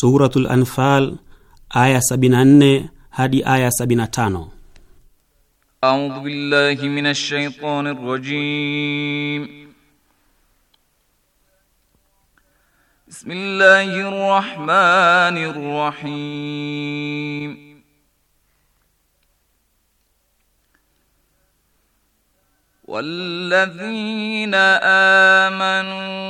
Suratul Anfal aya 74 hadi aya 75. A'udhu billahi minash shaitani rajim. Bismillahir rahmanir rahim. والذين آمنوا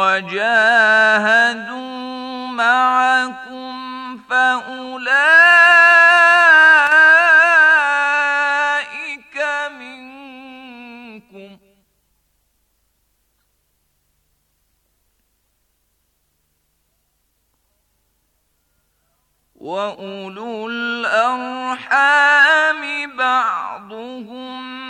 وجاهدوا معكم فأولئك منكم وأولو الأرحام بعضهم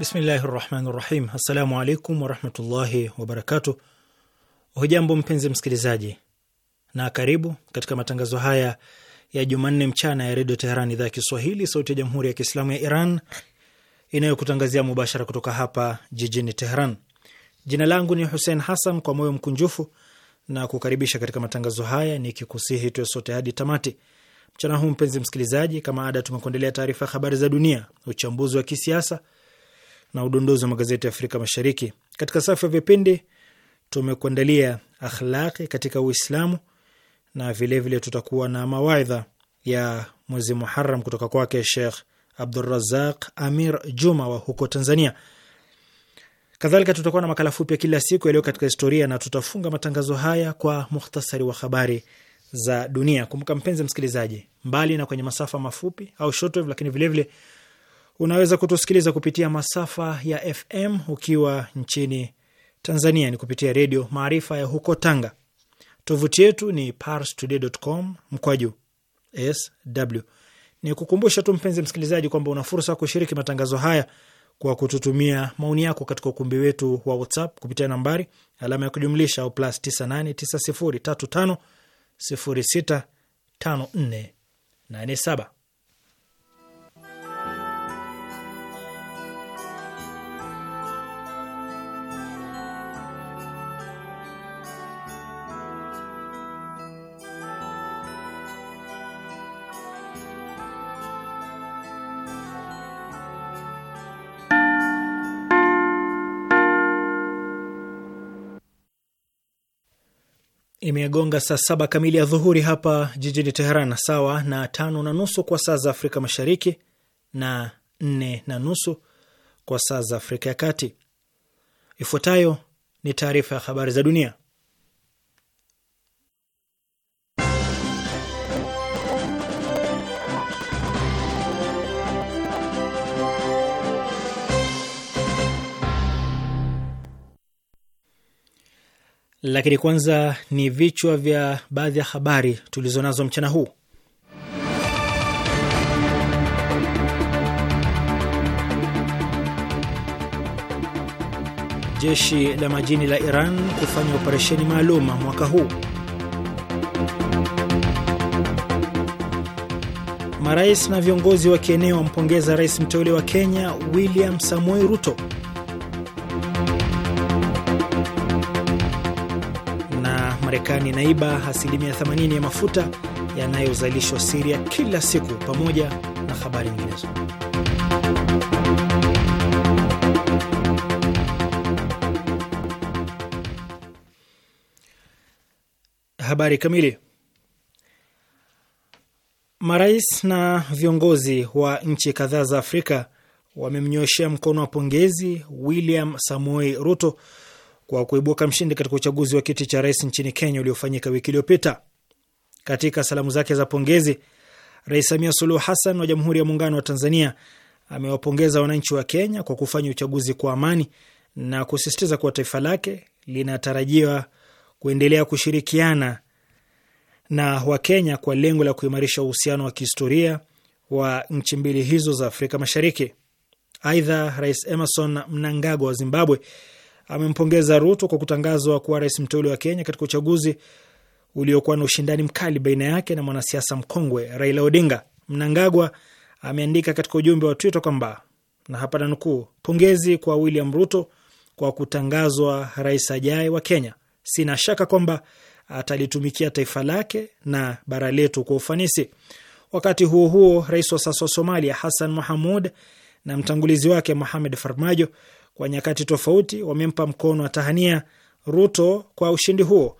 Bismillahi rahmani rahim. Assalamu alaikum warahmatullahi wabarakatuh. Hujambo mpenzi msikilizaji, na karibu katika matangazo haya ya Jumanne mchana ya redio Teheran, idhaa ya Kiswahili, sauti ya jamhuri ya kiislamu ya Iran inayokutangazia mubashara kutoka hapa jijini Teheran. Jina langu ni Hussein Hassan, kwa moyo mkunjufu na kukaribisha katika matangazo haya nikikusihi tuwe sote hadi tamati mchana huu. Mpenzi msikilizaji, kama ada, tumekuendelea taarifa ya habari za dunia, uchambuzi wa kisiasa na udondozi wa magazeti ya Afrika Mashariki. Katika safu ya vipindi tumekuandalia akhlaqi katika Uislamu na vilevile vile tutakuwa na mawaidha ya mwezi Muharam kutoka kwake Shekh Abdurazaq Amir Juma wa huko Tanzania. Kadhalika tutakuwa na makala fupi ya kila siku yaliyo katika historia, na tutafunga matangazo haya kwa muhtasari wa habari za dunia. Kumbuka mpenzi msikilizaji, mbali na kwenye masafa mafupi au shortwave, lakini vilevile vile Unaweza kutusikiliza kupitia masafa ya FM ukiwa nchini Tanzania ni kupitia Redio Maarifa ya huko Tanga. Tovuti yetu ni parstoday.com mkwaju sw. Ni kukumbusha tu mpenzi msikilizaji kwamba una fursa ya kushiriki matangazo haya kwa kututumia maoni yako katika ukumbi wetu wa WhatsApp kupitia nambari alama ya kujumlisha au plus 989035065487. imegonga saa saba kamili ya dhuhuri hapa jijini Teheran, sawa na tano na nusu kwa saa za Afrika Mashariki na nne na nusu kwa saa za Afrika ya Kati. Ifuatayo ni taarifa ya habari za dunia, lakini kwanza ni vichwa vya baadhi ya habari tulizonazo mchana huu. Jeshi la majini la Iran kufanya operesheni maalum mwaka huu. Marais na viongozi wa kieneo wampongeza rais mteule wa Kenya William Samoei Ruto Marekani inaiba asilimia 80 ya mafuta yanayozalishwa Siria kila siku, pamoja na habari nyinginezo. Habari kamili. Marais na viongozi wa nchi kadhaa za Afrika wamemnyoshea mkono wa pongezi William Samoei Ruto kwa kuibuka mshindi katika uchaguzi wa kiti cha rais nchini Kenya uliofanyika wiki iliyopita. Katika salamu zake za pongezi, Rais Samia Suluhu Hassan wa Jamhuri ya Muungano wa Tanzania amewapongeza wananchi wa Kenya kwa kufanya uchaguzi kwa amani na kusisitiza kuwa taifa lake linatarajiwa kuendelea kushirikiana na Wakenya kwa lengo la kuimarisha uhusiano wa kihistoria wa nchi mbili hizo za Afrika Mashariki. Aidha, Rais Emerson Mnangagwa wa Zimbabwe amempongeza Ruto kwa kutangazwa kuwa rais mteule wa Kenya katika uchaguzi uliokuwa na ushindani mkali baina yake na mwanasiasa mkongwe Raila Odinga. Mnangagwa ameandika katika ujumbe wa Twitter kwamba na hapa nanukuu, pongezi kwa William Ruto kwa kutangazwa rais ajaye wa Kenya. Sina shaka kwamba atalitumikia taifa lake na bara letu kwa ufanisi. Wakati huo huo, rais wa sasa wa Somalia Hassan Mahamud na mtangulizi wake Mohamed Farmajo kwa nyakati tofauti wamempa mkono wa tahania Ruto kwa ushindi huo.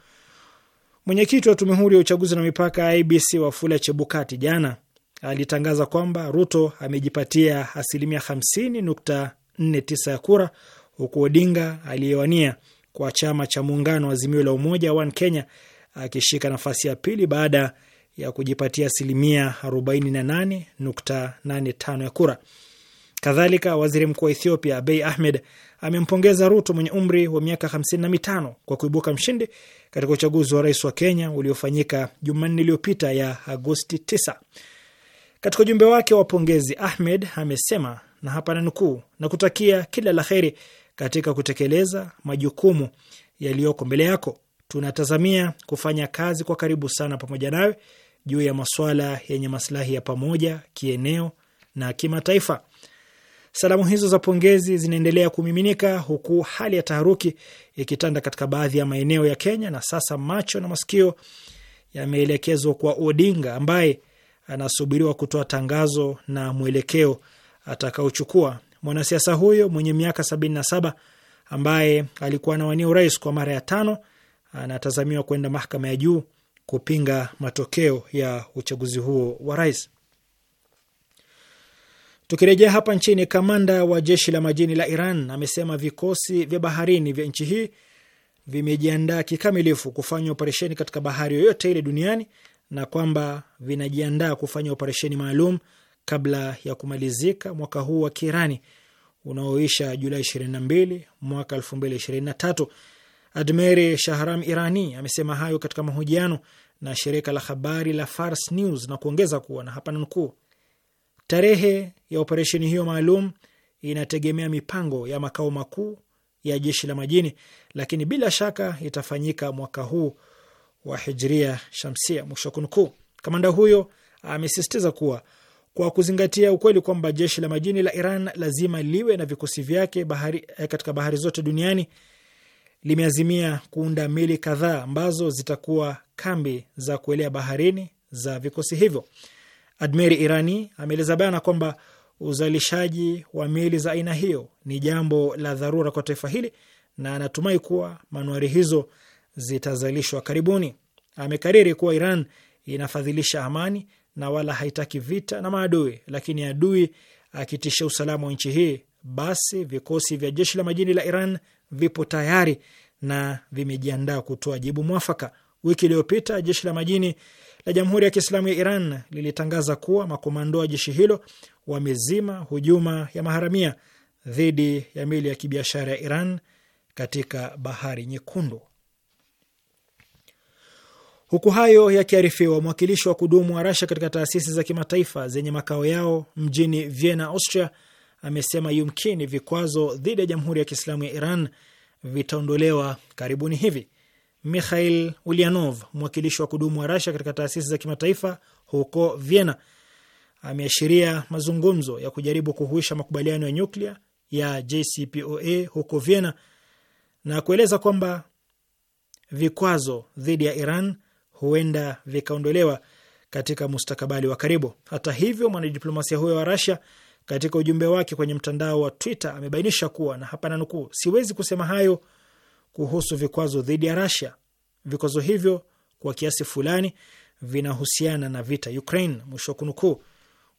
Mwenyekiti wa tume huru ya uchaguzi na mipaka IBC Wafula Chebukati jana alitangaza kwamba Ruto amejipatia asilimia 50.49 ya kura, huku Odinga aliyewania kwa chama cha muungano wa Azimio la Umoja One Kenya akishika nafasi ya pili baada ya kujipatia asilimia 48.85 ya kura. Kadhalika, waziri mkuu wa Ethiopia Abiy Ahmed amempongeza Ruto mwenye umri wa miaka 55 kwa kuibuka mshindi katika uchaguzi wa rais wa Kenya uliofanyika Jumanne iliyopita ya Agosti 9. Katika ujumbe wake wa pongezi, Ahmed amesema na hapa nanukuu, na kutakia kila la heri katika kutekeleza majukumu yaliyoko mbele yako. Tunatazamia kufanya kazi kwa karibu sana pamoja nawe juu ya masuala yenye maslahi ya pamoja kieneo na kimataifa. Salamu hizo za pongezi zinaendelea kumiminika huku hali ya taharuki ikitanda katika baadhi ya maeneo ya Kenya, na sasa macho na masikio yameelekezwa kwa Odinga ambaye anasubiriwa kutoa tangazo na mwelekeo atakaochukua. Mwanasiasa huyo mwenye miaka sabini na saba ambaye alikuwa anawania urais kwa mara ya tano anatazamiwa kwenda mahakama ya juu kupinga matokeo ya uchaguzi huo wa rais. Tukirejea hapa nchini, kamanda wa jeshi la majini la Iran amesema vikosi vya baharini vya nchi hii vimejiandaa kikamilifu kufanya operesheni katika bahari yoyote ile duniani na kwamba vinajiandaa kufanya operesheni maalum kabla ya kumalizika mwaka huu wa Kiirani unaoisha Julai 22 mwaka 2023. Admeri Shahram Irani amesema hayo katika mahojiano na shirika la habari la Fars News na kuongeza kuwa na hapa nukuu, tarehe ya operesheni hiyo maalum inategemea mipango ya makao makuu ya jeshi la majini, lakini bila shaka itafanyika mwaka huu wa hijria shamsia, mwisho kunukuu. Kamanda huyo amesisitiza kuwa kwa kuzingatia ukweli kwamba jeshi la majini la Iran lazima liwe na vikosi vyake bahari, eh, katika bahari zote duniani limeazimia kuunda meli kadhaa ambazo zitakuwa kambi za kuelea baharini za vikosi hivyo. Admeri Irani ameeleza bayana kwamba uzalishaji wa meli za aina hiyo ni jambo la dharura kwa taifa hili na anatumai kuwa manuari hizo zitazalishwa karibuni. Amekariri kuwa Iran inafadhilisha amani na wala haitaki vita na maadui, lakini adui akitisha usalama wa nchi hii, basi vikosi vya jeshi la majini la Iran vipo tayari na vimejiandaa kutoa jibu mwafaka. Wiki iliyopita jeshi la majini la Jamhuri ya Kiislamu ya Iran lilitangaza kuwa makomando wa jeshi hilo wamezima hujuma ya maharamia dhidi ya meli ya kibiashara ya Iran katika bahari Nyekundu. Huku hayo yakiarifiwa, mwakilishi wa kudumu wa Rasha katika taasisi za kimataifa zenye makao yao mjini Vienna, Austria, amesema yumkini vikwazo dhidi ya Jamhuri ya Kiislamu ya Iran vitaondolewa karibuni hivi. Mikhail Ulianov, mwakilishi wa kudumu wa Rasha katika taasisi za kimataifa huko Vienna, ameashiria mazungumzo ya kujaribu kuhuisha makubaliano ya nyuklia ya JCPOA huko Vienna na kueleza kwamba vikwazo dhidi ya Iran huenda vikaondolewa katika mustakabali wa karibu. Hata hivyo, mwanadiplomasia huyo wa rasia katika ujumbe wake kwenye mtandao wa Twitter amebainisha kuwa na hapa nanukuu, siwezi kusema hayo kuhusu vikwazo dhidi ya Rasia. Vikwazo hivyo kwa kiasi fulani vinahusiana na vita Ukraine, mwisho wa kunukuu.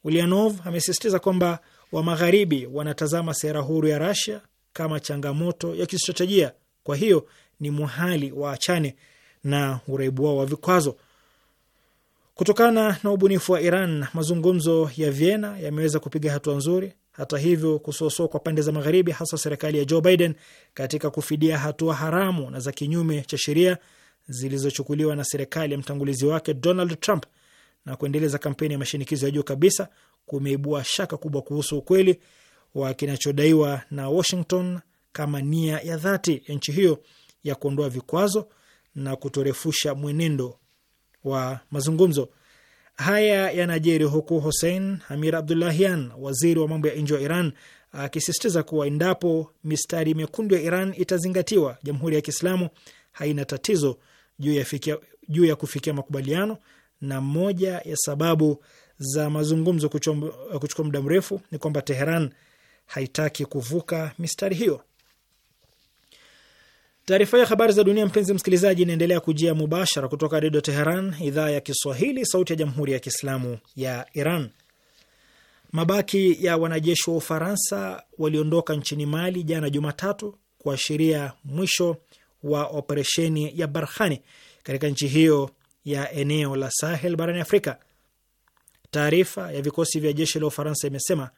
Ulianov amesisitiza kwamba wa magharibi wanatazama sera huru ya Rasia kama changamoto ya kistratejia, kwa hiyo ni muhali waachane na uraibu wao wa vikwazo. Kutokana na ubunifu wa Iran, mazungumzo ya Vienna yameweza kupiga hatua nzuri. Hata hivyo, kusuasua kwa pande za magharibi, hasa serikali ya Joe Biden katika kufidia hatua haramu na za kinyume cha sheria zilizochukuliwa na serikali ya mtangulizi wake Donald Trump na kuendeleza kampeni ya mashinikizo ya juu kabisa kumeibua shaka kubwa kuhusu ukweli wa kinachodaiwa na Washington kama nia ya dhati ya nchi hiyo ya kuondoa vikwazo na kutorefusha mwenendo wa mazungumzo. Haya yanajiri huku Hussein Hamir Abdullahian, waziri wa mambo ya nje wa Iran, akisisitiza kuwa endapo mistari mekundu ya Iran itazingatiwa, Jamhuri ya Kiislamu haina tatizo juu ya, fikia, juu ya kufikia makubaliano na moja ya sababu za mazungumzo kuchukua muda mrefu ni kwamba Teheran haitaki kuvuka mistari hiyo. Taarifa ya habari za dunia, mpenzi msikilizaji, inaendelea kujia mubashara kutoka Redio Teheran, idhaa ya Kiswahili, sauti ya jamhuri ya kiislamu ya Iran. Mabaki ya wanajeshi wa Ufaransa waliondoka nchini Mali jana Jumatatu, kuashiria mwisho wa operesheni ya Barkhane katika nchi hiyo ya eneo la Sahel barani Afrika. Taarifa ya vikosi vya jeshi la Ufaransa imesema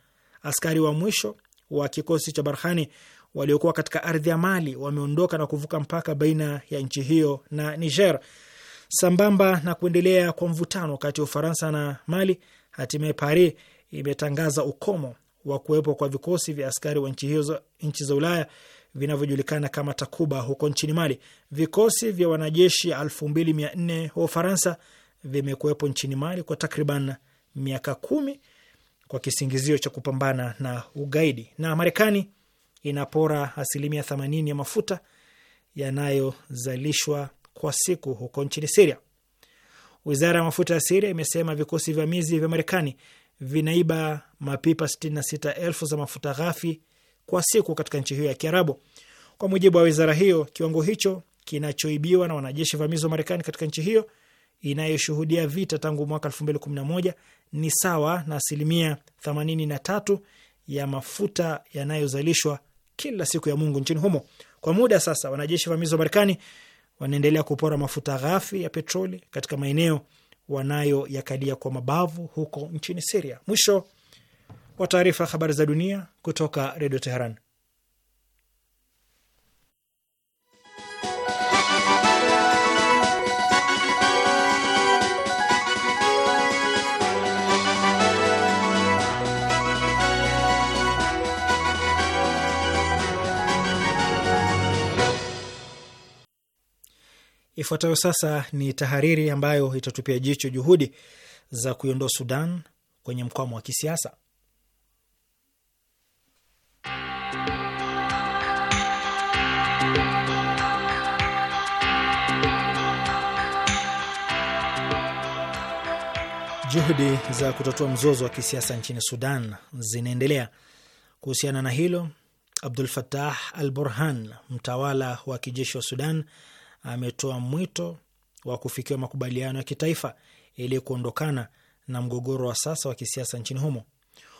askari wa mwisho wa kikosi cha Barhani waliokuwa katika ardhi ya Mali wameondoka na kuvuka mpaka baina ya nchi hiyo na Niger. Sambamba na kuendelea kwa mvutano kati ya Ufaransa na Mali, hatimaye Paris imetangaza ukomo wa kuwepo kwa vikosi vya askari wa nchi hizo, nchi za Ulaya vinavyojulikana kama Takuba huko nchini Mali. Vikosi vya wanajeshi elfu mbili mia nne wa Ufaransa vimekuwepo nchini Mali kwa takriban miaka kumi kwa kisingizio cha kupambana na ugaidi. Na Marekani inapora asilimia themanini ya mafuta yanayozalishwa kwa siku huko nchini Siria. Wizara ya mafuta ya Siria imesema vikosi vya mizi vya Marekani vinaiba mapipa 66,000 za mafuta ghafi kwa siku katika nchi hiyo ya Kiarabu. Kwa mujibu wa wizara hiyo, kiwango hicho kinachoibiwa na wanajeshi vamizi wa Marekani katika nchi hiyo inayoshuhudia vita tangu mwaka 2011 ni sawa na asilimia 83 ya mafuta yanayozalishwa kila siku ya Mungu nchini humo. Kwa muda sasa, wanajeshi vamizi wa Marekani wanaendelea kupora mafuta ghafi ya petroli katika maeneo wanayoyakalia kwa mabavu huko nchini Siria. Mwisho wa taarifa ya habari za dunia kutoka Redio Teheran. Ifuatayo sasa ni tahariri ambayo itatupia jicho juhudi za kuiondoa Sudan kwenye mkwamo wa kisiasa. Juhudi za kutatua mzozo wa kisiasa nchini Sudan zinaendelea. Kuhusiana na hilo, Abdul fatah al Burhan, mtawala wa kijeshi wa Sudan, ametoa mwito wa kufikiwa makubaliano ya kitaifa ili kuondokana na mgogoro wa sasa wa kisiasa nchini humo.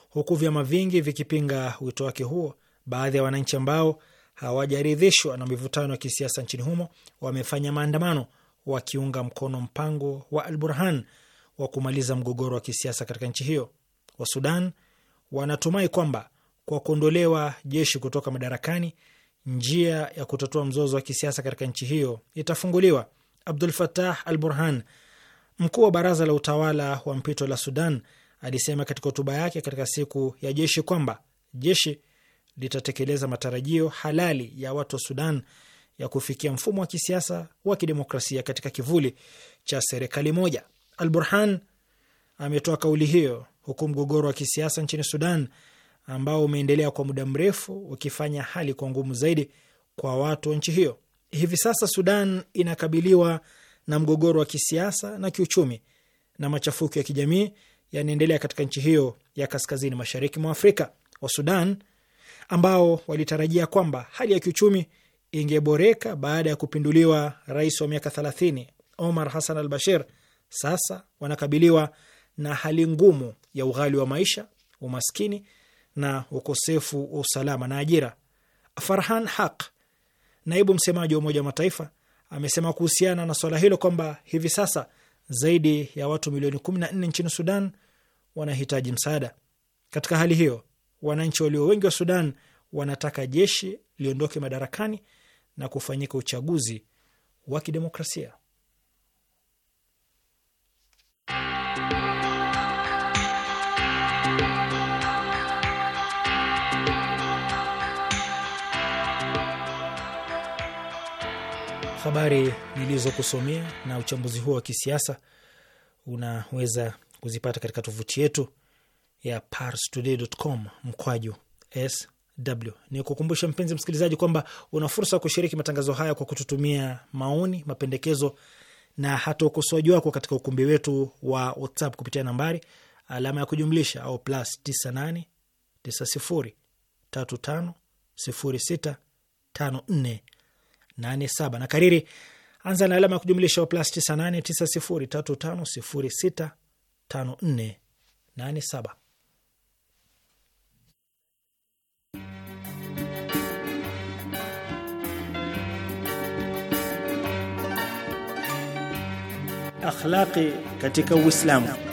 Huku vyama vingi vikipinga wito wake huo, baadhi ya wananchi ambao hawajaridhishwa na mivutano ya kisiasa nchini humo wamefanya maandamano wakiunga mkono mpango wa al Burhan wa kumaliza mgogoro wa kisiasa katika nchi hiyo. Wa Sudan wanatumai kwamba kwa kuondolewa jeshi kutoka madarakani, njia ya kutatua mzozo wa kisiasa katika nchi hiyo itafunguliwa. Abdul Fatah Al Burhan, mkuu wa baraza la utawala wa mpito la Sudan, alisema katika hotuba yake katika siku ya jeshi kwamba jeshi litatekeleza matarajio halali ya watu wa Sudan ya kufikia mfumo wa kisiasa wa kidemokrasia katika kivuli cha serikali moja. Al Burhan ametoa kauli hiyo huku mgogoro wa kisiasa nchini Sudan ambao umeendelea kwa muda mrefu ukifanya hali kwa ngumu zaidi kwa watu wa nchi hiyo. Hivi sasa Sudan inakabiliwa na mgogoro wa kisiasa na kiuchumi na machafuko ya kijamii yanaendelea katika nchi hiyo ya kaskazini mashariki mwa Afrika. Wa Sudan ambao walitarajia kwamba hali ya kiuchumi ingeboreka baada ya kupinduliwa rais wa miaka 30 Omar Hassan al Bashir sasa wanakabiliwa na hali ngumu ya ughali wa maisha, umaskini na ukosefu wa usalama na ajira. Farhan Haq, naibu msemaji wa Umoja wa Mataifa, amesema kuhusiana na swala hilo kwamba hivi sasa zaidi ya watu milioni 14 nchini Sudan wanahitaji msaada. Katika hali hiyo, wananchi walio wengi wa Sudan wanataka jeshi liondoke madarakani na kufanyika uchaguzi wa kidemokrasia. habari nilizokusomea na uchambuzi huo wa kisiasa unaweza kuzipata katika tovuti yetu ya parstoday.com mkwaju sw. Ni kukumbusha mpenzi msikilizaji kwamba una fursa ya kushiriki matangazo haya kwa kututumia maoni, mapendekezo na hata ukosoaji wako katika ukumbi wetu wa WhatsApp kupitia nambari alama ya kujumlisha au plus 98 90 35 06 54 87 na kariri anza na alama ya kujumlisha wa plus 989035065487. Akhlaqi katika Uislamu.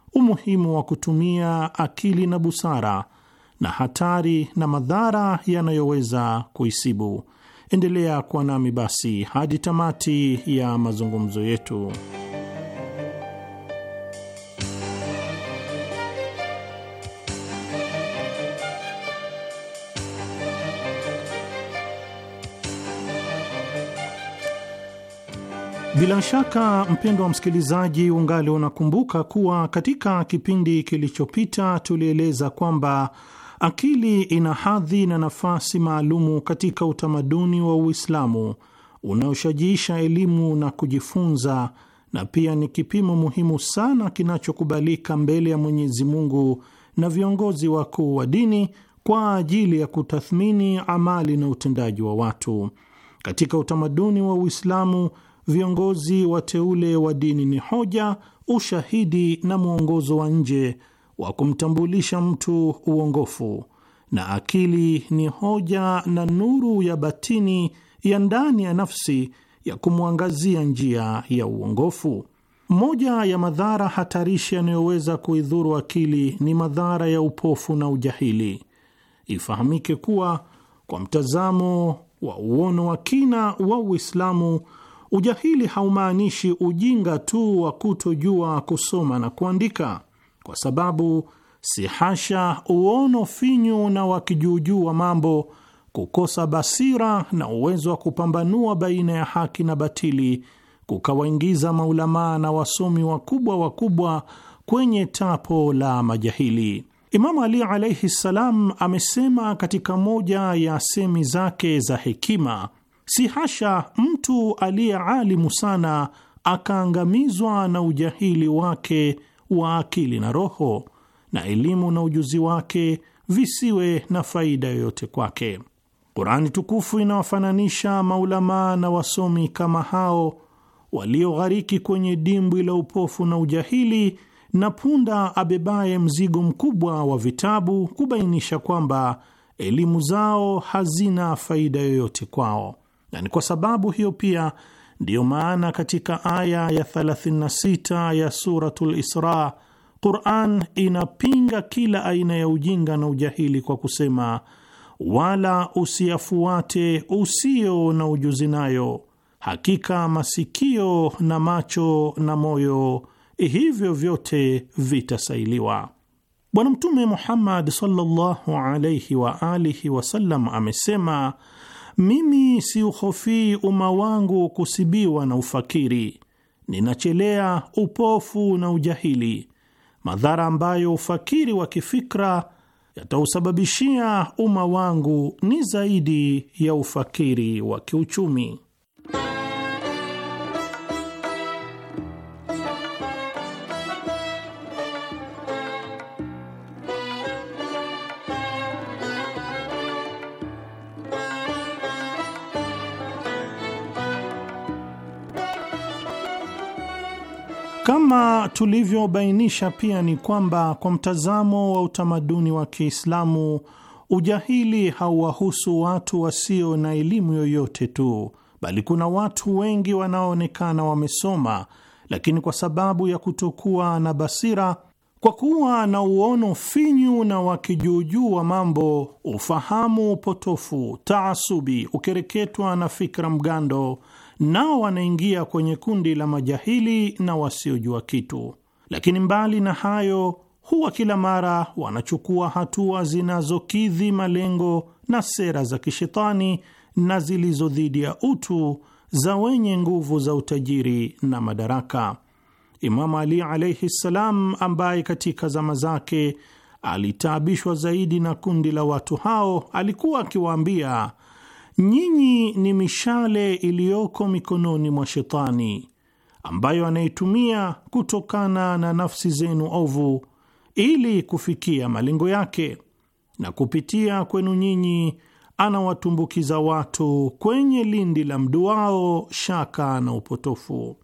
umuhimu wa kutumia akili na busara na hatari na madhara yanayoweza kuisibu. Endelea kuwa nami basi hadi tamati ya mazungumzo yetu. Bila shaka mpendo wa msikilizaji, ungali unakumbuka kuwa katika kipindi kilichopita tulieleza kwamba akili ina hadhi na nafasi maalumu katika utamaduni wa Uislamu unaoshajiisha elimu na kujifunza, na pia ni kipimo muhimu sana kinachokubalika mbele ya Mwenyezi Mungu na viongozi wakuu wa dini kwa ajili ya kutathmini amali na utendaji wa watu katika utamaduni wa Uislamu viongozi wateule wa dini ni hoja, ushahidi na mwongozo wa nje wa kumtambulisha mtu uongofu, na akili ni hoja na nuru ya batini ya ndani ya nafsi ya kumwangazia njia ya uongofu. Moja ya madhara hatarishi yanayoweza kuidhuru akili ni madhara ya upofu na ujahili. Ifahamike kuwa kwa mtazamo wa uono wa kina wa Uislamu Ujahili haumaanishi ujinga tu wa kutojua kusoma na kuandika, kwa sababu si hasha uono finyu na wakijuujuu wa mambo, kukosa basira na uwezo wa kupambanua baina ya haki na batili kukawaingiza maulamaa na wasomi wakubwa wakubwa kwenye tapo la majahili. Imamu Ali alaihi ssalam amesema katika moja ya semi zake za hekima Si hasha mtu aliye alimu sana akaangamizwa na ujahili wake wa akili na roho, na elimu na ujuzi wake visiwe na faida yoyote kwake. Kurani tukufu inawafananisha maulamaa na wasomi kama hao walioghariki kwenye dimbwi la upofu na ujahili na punda abebaye mzigo mkubwa wa vitabu, kubainisha kwamba elimu zao hazina faida yoyote kwao na ni kwa sababu hiyo pia ndiyo maana katika aya ya 36 ya Suratul Isra Quran inapinga kila aina ya ujinga na ujahili kwa kusema, wala usiyafuate usio na ujuzi nayo, hakika masikio na macho na moyo hivyo vyote vitasailiwa. Bwana Mtume Muhammad sallallahu alayhi wa alihi wasallam amesema mimi siuhofii umma wangu kusibiwa na ufakiri, ninachelea upofu na ujahili, madhara ambayo ufakiri wa kifikra yatausababishia umma wangu ni zaidi ya ufakiri wa kiuchumi. Kama tulivyobainisha pia ni kwamba kwa mtazamo wa utamaduni wa Kiislamu, ujahili hauwahusu watu wasio na elimu yoyote tu, bali kuna watu wengi wanaoonekana wamesoma, lakini kwa sababu ya kutokuwa na basira, kwa kuwa na uono finyu na wakijuujuu wa mambo, ufahamu upotofu taasubi, ukereketwa na fikra mgando nao wanaingia kwenye kundi la majahili na wasiojua kitu. Lakini mbali na hayo, huwa kila mara wanachukua hatua zinazokidhi malengo na sera za kishetani na zilizo dhidi ya utu za wenye nguvu za utajiri na madaraka. Imamu Ali alaihi ssalam, ambaye katika zama zake alitaabishwa zaidi na kundi la watu hao, alikuwa akiwaambia Nyinyi ni mishale iliyoko mikononi mwa Shetani ambayo anaitumia kutokana na nafsi zenu ovu ili kufikia malengo yake, na kupitia kwenu nyinyi anawatumbukiza watu kwenye lindi la mduao, shaka na upotofu.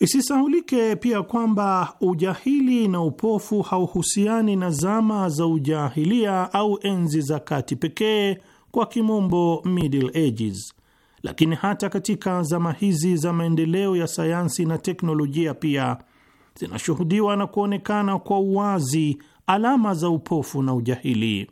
Isisahulike pia kwamba ujahili na upofu hauhusiani na zama za ujahilia au enzi za kati pekee kwa kimombo Middle Ages, lakini hata katika zama hizi za maendeleo ya sayansi na teknolojia pia zinashuhudiwa na kuonekana kwa uwazi alama za upofu na ujahili.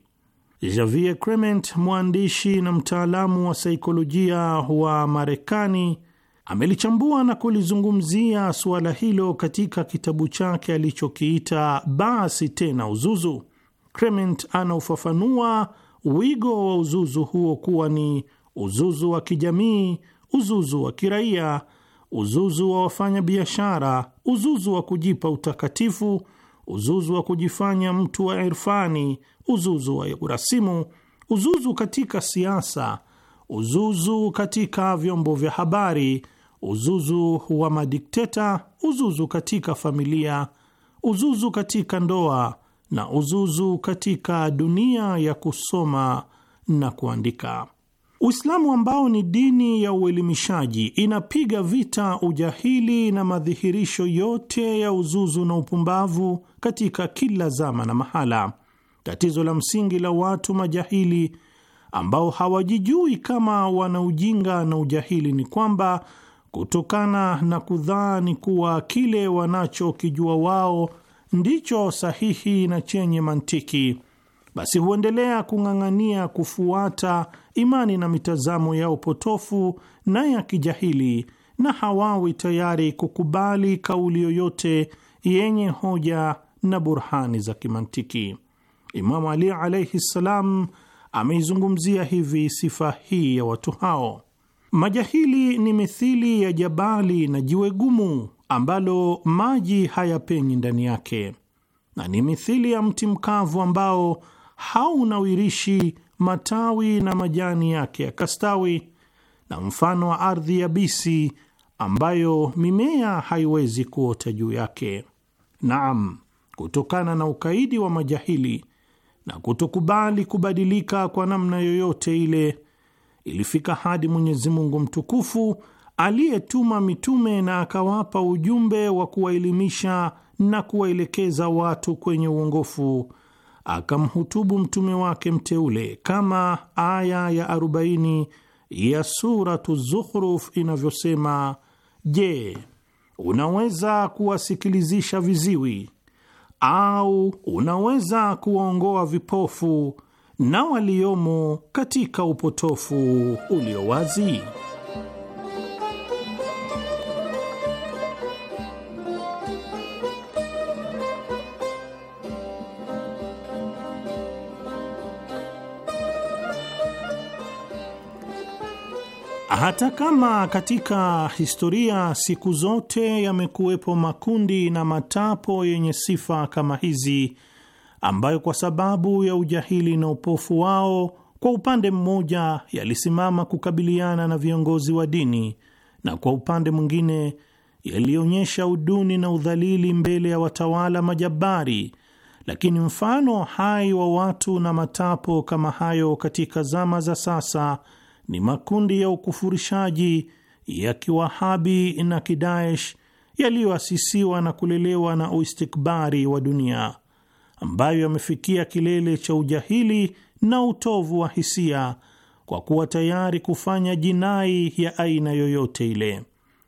Javier Crement, mwandishi na mtaalamu wa saikolojia wa Marekani, amelichambua na kulizungumzia suala hilo katika kitabu chake alichokiita Basi Tena Uzuzu. Crement anaufafanua wigo wa uzuzu huo kuwa ni uzuzu wa kijamii, uzuzu wa kiraia, uzuzu wa wafanyabiashara, uzuzu wa kujipa utakatifu, uzuzu wa kujifanya mtu wa irfani, uzuzu wa urasimu, uzuzu katika siasa, uzuzu katika vyombo vya habari, uzuzu wa madikteta, uzuzu katika familia, uzuzu katika ndoa na uzuzu katika dunia ya kusoma na kuandika. Uislamu ambao ni dini ya uelimishaji inapiga vita ujahili na madhihirisho yote ya uzuzu na upumbavu katika kila zama na mahala. Tatizo la msingi la watu majahili ambao hawajijui kama wana ujinga na ujahili ni kwamba kutokana na kudhani kuwa kile wanachokijua wao ndicho sahihi na chenye mantiki, basi huendelea kung'ang'ania kufuata imani na mitazamo yao potofu na ya kijahili, na hawawi tayari kukubali kauli yoyote yenye hoja na burhani za kimantiki. Imamu Ali alaihi ssalam ameizungumzia hivi sifa hii ya watu hao: majahili ni mithili ya jabali na jiwe gumu ambalo maji hayapenyi ndani yake, na ni mithili ya mti mkavu ambao haunawirishi matawi na majani yake yakastawi, na mfano wa ardhi yabisi ambayo mimea haiwezi kuota juu yake. Naam, kutokana na ukaidi wa majahili na kutokubali kubadilika kwa namna yoyote ile, ilifika hadi Mwenyezi Mungu mtukufu aliyetuma mitume na akawapa ujumbe wa kuwaelimisha na kuwaelekeza watu kwenye uongofu, akamhutubu mtume wake mteule kama aya ya 40 ya Suratu Zukhruf inavyosema: Je, unaweza kuwasikilizisha viziwi au unaweza kuwaongoa vipofu na waliomo katika upotofu ulio wazi? Hata kama katika historia siku zote yamekuwepo makundi na matapo yenye sifa kama hizi, ambayo kwa sababu ya ujahili na upofu wao, kwa upande mmoja yalisimama kukabiliana na viongozi wa dini na kwa upande mwingine yalionyesha uduni na udhalili mbele ya watawala majabari. Lakini mfano hai wa watu na matapo kama hayo katika zama za sasa ni makundi ya ukufurishaji ya kiwahabi na kidaesh yaliyoasisiwa na kulelewa na uistikbari wa dunia ambayo yamefikia kilele cha ujahili na utovu wa hisia kwa kuwa tayari kufanya jinai ya aina yoyote ile,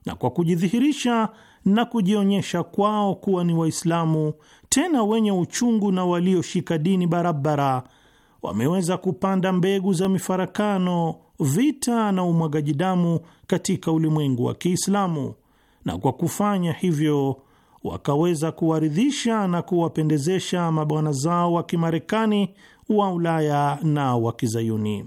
na kwa kujidhihirisha na kujionyesha kwao kuwa ni Waislamu tena wenye uchungu na walioshika dini barabara wameweza kupanda mbegu za mifarakano, vita na umwagaji damu katika ulimwengu wa Kiislamu, na kwa kufanya hivyo wakaweza kuwaridhisha na kuwapendezesha mabwana zao wa Kimarekani, wa Ulaya na wa Kizayuni.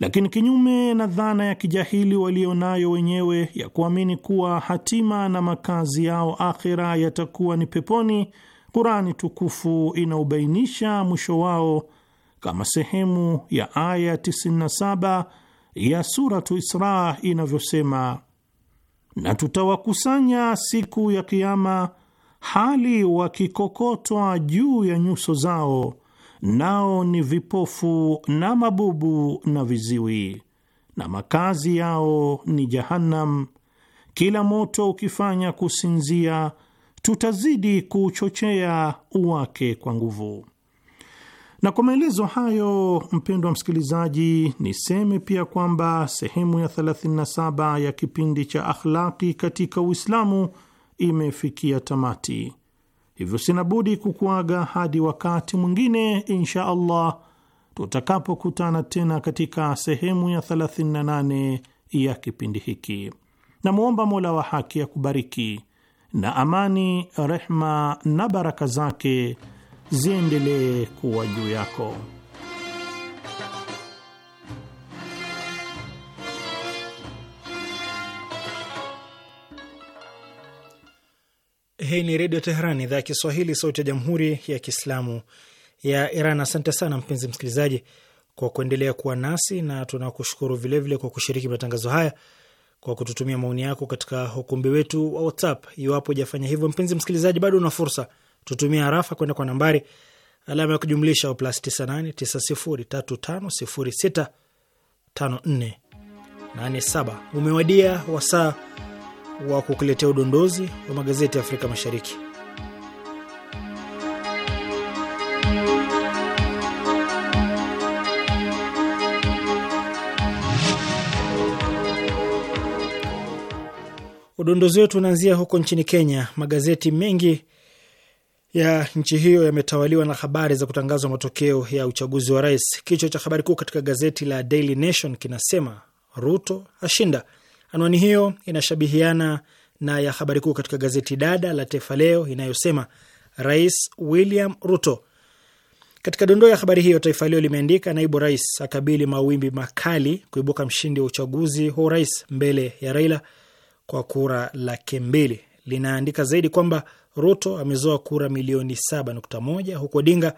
Lakini kinyume na dhana ya kijahili nayo wenyewe ya kuamini kuwa hatima na makazi yao akhira yatakuwa ni peponi, Kurani tukufu inaubainisha mwisho wao kama sehemu ya aya 97 ya Suratu Isra inavyosema, na tutawakusanya siku ya Kiama hali wakikokotwa juu ya nyuso zao, nao ni vipofu na mabubu na viziwi, na makazi yao ni Jahannam. Kila moto ukifanya kusinzia, tutazidi kuuchochea uwake kwa nguvu. Na kwa maelezo hayo, mpendwa msikilizaji, niseme pia kwamba sehemu ya 37 ya kipindi cha akhlaki katika Uislamu imefikia tamati, hivyo sina budi kukuaga hadi wakati mwingine insha Allah tutakapokutana tena katika sehemu ya 38 ya kipindi hiki. Namwomba Mola wa haki ya kubariki na amani, rehma na baraka zake ziendelee kuwa juu yako. Hii ni Redio Teheran, idhaa ya Kiswahili, sauti ya Jamhuri ya Kiislamu ya Iran. Asante sana mpenzi msikilizaji kwa kuendelea kuwa nasi na tunakushukuru vilevile kwa kushiriki matangazo haya kwa kututumia maoni yako katika ukumbi wetu wa WhatsApp. Iwapo hujafanya hivyo, mpenzi msikilizaji, bado una fursa tutumia harafa kwenda kwa nambari alama ya kujumlisha plus 989035065487. Umewadia wasaa wa kukuletea udondozi wa magazeti ya Afrika Mashariki. Udondozi wetu unaanzia huko nchini Kenya. Magazeti mengi ya nchi hiyo yametawaliwa na habari za kutangazwa matokeo ya uchaguzi wa rais. Kichwa cha habari kuu katika gazeti la Daily Nation kinasema Ruto ashinda. Anwani hiyo inashabihiana na ya habari kuu katika gazeti dada la Taifa Leo inayosema Rais William Ruto. Katika dondoo ya habari hiyo, Taifa Leo limeandika naibu rais akabili mawimbi makali kuibuka mshindi wa uchaguzi wa urais mbele ya Raila kwa kura laki mbili. Linaandika zaidi kwamba Ruto amezoa kura milioni 7.1 huku Odinga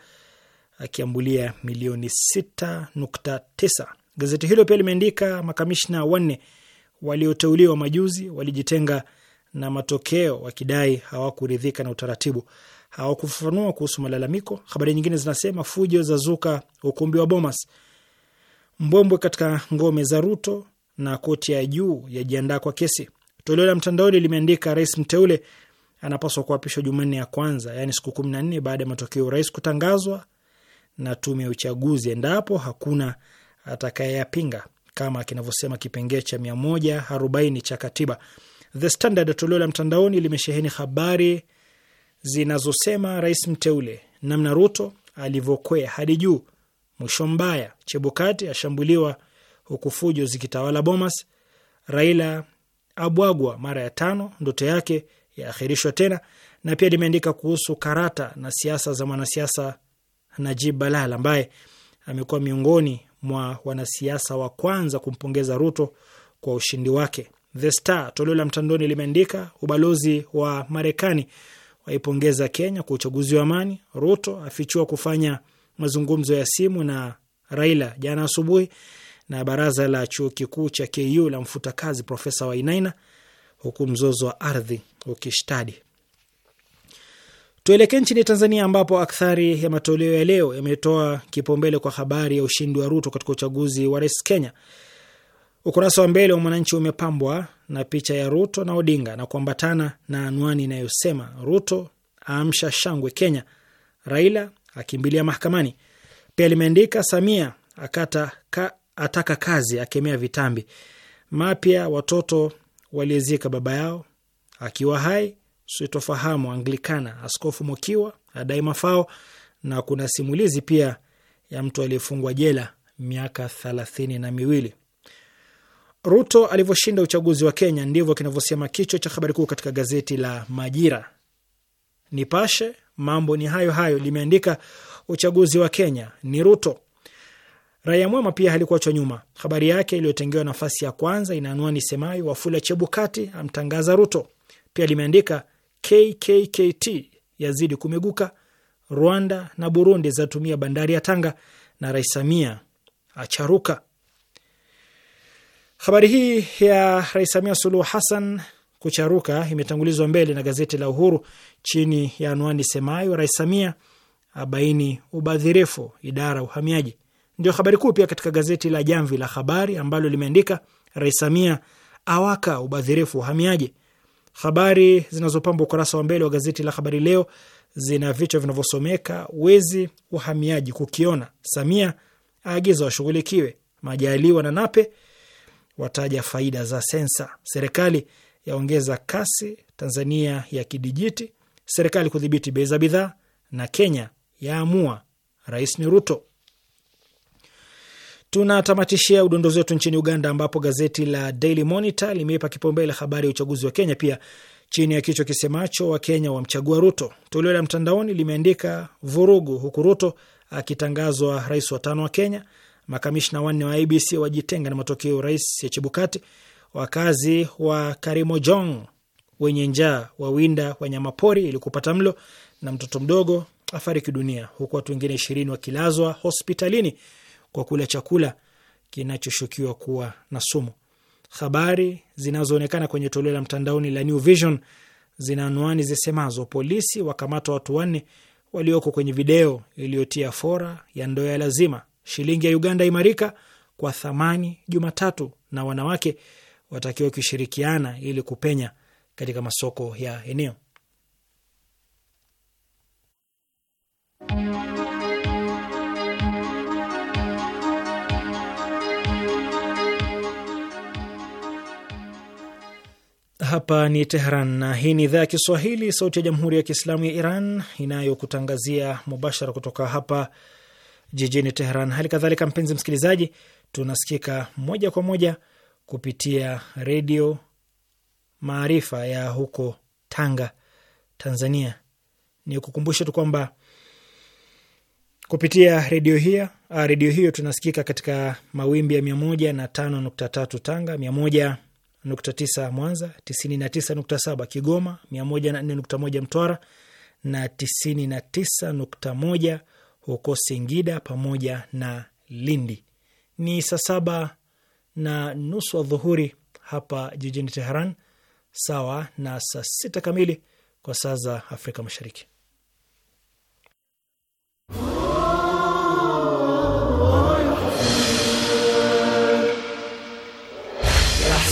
akiambulia milioni 6.9. Gazeti hilo pia limeandika makamishna wanne walioteuliwa majuzi walijitenga na matokeo wakidai hawakuridhika na utaratibu. Hawakufafanua kuhusu malalamiko. Habari nyingine zinasema fujo za zuka ukumbi wa Bomas, mbwembwe katika ngome za Ruto na koti ya juu yajiandaa kwa kesi. Toleo la mtandaoni limeandika rais mteule anapaswa kuapishwa Jumanne ya kwanza, yaani siku kumi na nne baada ya matokeo ya urais kutangazwa na tume ya uchaguzi, endapo hakuna atakayeyapinga kama kinavyosema kipengee cha mia moja arobaini cha katiba. The Standard toleo la mtandaoni limesheheni habari zinazosema rais mteule namna Ruto alivyokwea hadi juu, mwisho mbaya, Chebukati ashambuliwa huku fujo zikitawala Bomas, Raila abwagwa mara ya tano, ndoto yake yaakhirishwa tena, na pia limeandika kuhusu karata na siasa za mwanasiasa Najib Balal ambaye amekuwa miongoni mwa wanasiasa wa kwanza kumpongeza Ruto kwa ushindi wake. The Star toleo la mtandoni limeandika ubalozi wa Marekani waipongeza Kenya kwa uchaguzi wa amani. Ruto afichua kufanya mazungumzo ya simu na Raila jana asubuhi, na baraza la chuo kikuu cha KU la mfuta kazi Profesa Wainaina huku mzozo wa ardhi ukishtadi. Tuelekee nchini Tanzania ambapo akthari ya matoleo ya leo yametoa kipaumbele kwa habari ya ushindi wa Ruto katika uchaguzi wa rais Kenya. Ukurasa wa mbele wa Mwananchi umepambwa na picha ya Ruto na Odinga na kuambatana na anwani inayosema Ruto aamsha shangwe Kenya, Raila akimbilia mahakamani. Pia limeandika Samia akata ka, ataka kazi akemea vitambi mapya, watoto waliezika baba yao akiwa hai sitofahamu Anglikana, Askofu Mokiwa adai mafao, na kuna simulizi pia ya mtu aliyefungwa jela miaka thelathini na miwili. Ruto alivyoshinda uchaguzi wa Kenya ndivyo kinavyosema kichwa cha habari kuu katika gazeti la Majira. Nipashe mambo ni hayo hayo limeandika uchaguzi wa Kenya ni Ruto Raia Mwema pia halikuachwa nyuma. Habari yake iliyotengewa nafasi ya kwanza ina anwani semayo, Wafula Chebukati amtangaza Ruto. Pia limeandika KKKT yazidi kumeguka, Rwanda na Burundi zatumia bandari ya Tanga na Rais Samia acharuka. Habari hii ya Rais Samia Suluhu Hassan kucharuka imetangulizwa mbele na gazeti la Uhuru chini ya anwani semayo, Rais Samia abaini ubadhirifu idara uhamiaji. Ndio habari kuu pia katika gazeti la Jamvi la Habari ambalo limeandika Rais Samia awaka ubadhirifu uhamiaji. Habari zinazopamba ukurasa wa mbele wa gazeti la Habari Leo zina vichwa vinavyosomeka wezi uhamiaji kukiona, Samia aagiza washughulikiwe, Majaliwa na Nape wataja faida za sensa, serikali yaongeza kasi Tanzania ya kidijiti, serikali kudhibiti bei za bidhaa, na Kenya yaamua Rais ni Ruto. Tunatamatishia udondozi wetu nchini Uganda, ambapo gazeti la Daily Monitor limeipa kipaumbele habari ya uchaguzi wa Kenya pia chini ya kichwa kisemacho Wakenya wamchagua Ruto. Toleo la mtandaoni limeandika vurugu, huku Ruto akitangazwa rais wa tano wa Kenya, makamishna wanne wa IBC wajitenga na matokeo ya urais ya Chebukati, wakazi wa Karimojong wenye njaa wawinda wanyamapori ili kupata mlo, na mtoto mdogo afariki dunia, huku watu wengine ishirini wakilazwa hospitalini kwa kula chakula kinachoshukiwa kuwa na sumu. Habari zinazoonekana kwenye toleo la mtandaoni la New Vision zina anwani zisemazo polisi wakamata watu wanne walioko kwenye video iliyotia fora ya ndoa ya lazima, shilingi ya Uganda imarika kwa thamani Jumatatu, na wanawake watakiwa kushirikiana ili kupenya katika masoko ya eneo. Hapa ni Tehran na hii ni idhaa ya Kiswahili, sauti ya jamhuri ya kiislamu ya Iran inayokutangazia mubashara kutoka hapa jijini Tehran. Hali kadhalika, mpenzi msikilizaji, tunasikika moja kwa moja kupitia redio Maarifa ya huko Tanga, Tanzania. Ni kukumbusha tu kwamba kupitia redio hiyo ah, redio hiyo tunasikika katika mawimbi ya mia moja na tano nukta tatu Tanga, mia moja nukta tisa Mwanza, tisini na tisa nukta saba Kigoma, mia moja na nne nukta moja Mtwara na tisini na tisa nukta moja huko Singida pamoja na Lindi. Ni saa saba na nusu wa dhuhuri hapa jijini Teheran, sawa na saa sita kamili kwa saa za Afrika Mashariki.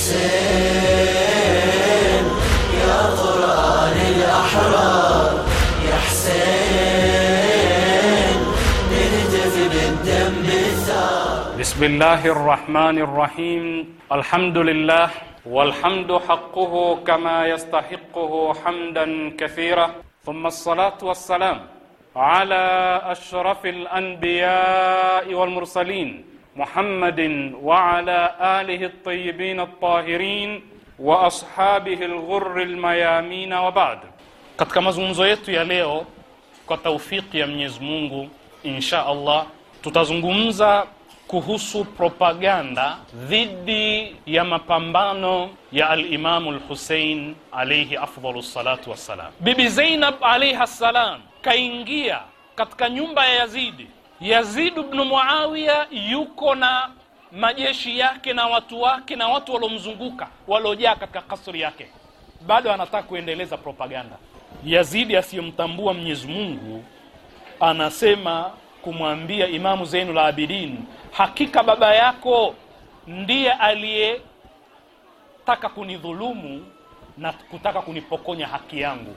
حسين يا قرآن الأحرار يا حسين نهتف بالدم الثار بسم الله الرحمن الرحيم الحمد لله والحمد حقه كما يستحقه حمدا كثيرا ثم الصلاة والسلام على أشرف الأنبياء والمرسلين محمد وعلى آله الطيبين الطاهرين wa ashabihi alghurri almayamina Katika mazungumzo yetu ya leo, kwa taufiki ya Mwenyezi Mungu, insha Allah, tutazungumza kuhusu propaganda dhidi ya mapambano ya alimamu lhusein alaihi afdalu salatu wassalam. Bibi Zainab alaiha salam kaingia katika nyumba ya Yazidi Yazid bnu Muawiya yuko na majeshi yake na watu wake na watu waliomzunguka waliojaa katika kasri yake, bado anataka kuendeleza propaganda. Yazidi asiyemtambua Mwenyezi Mungu anasema kumwambia Imamu Zainul Abidin, hakika baba yako ndiye aliyetaka kunidhulumu na kutaka kunipokonya haki yangu,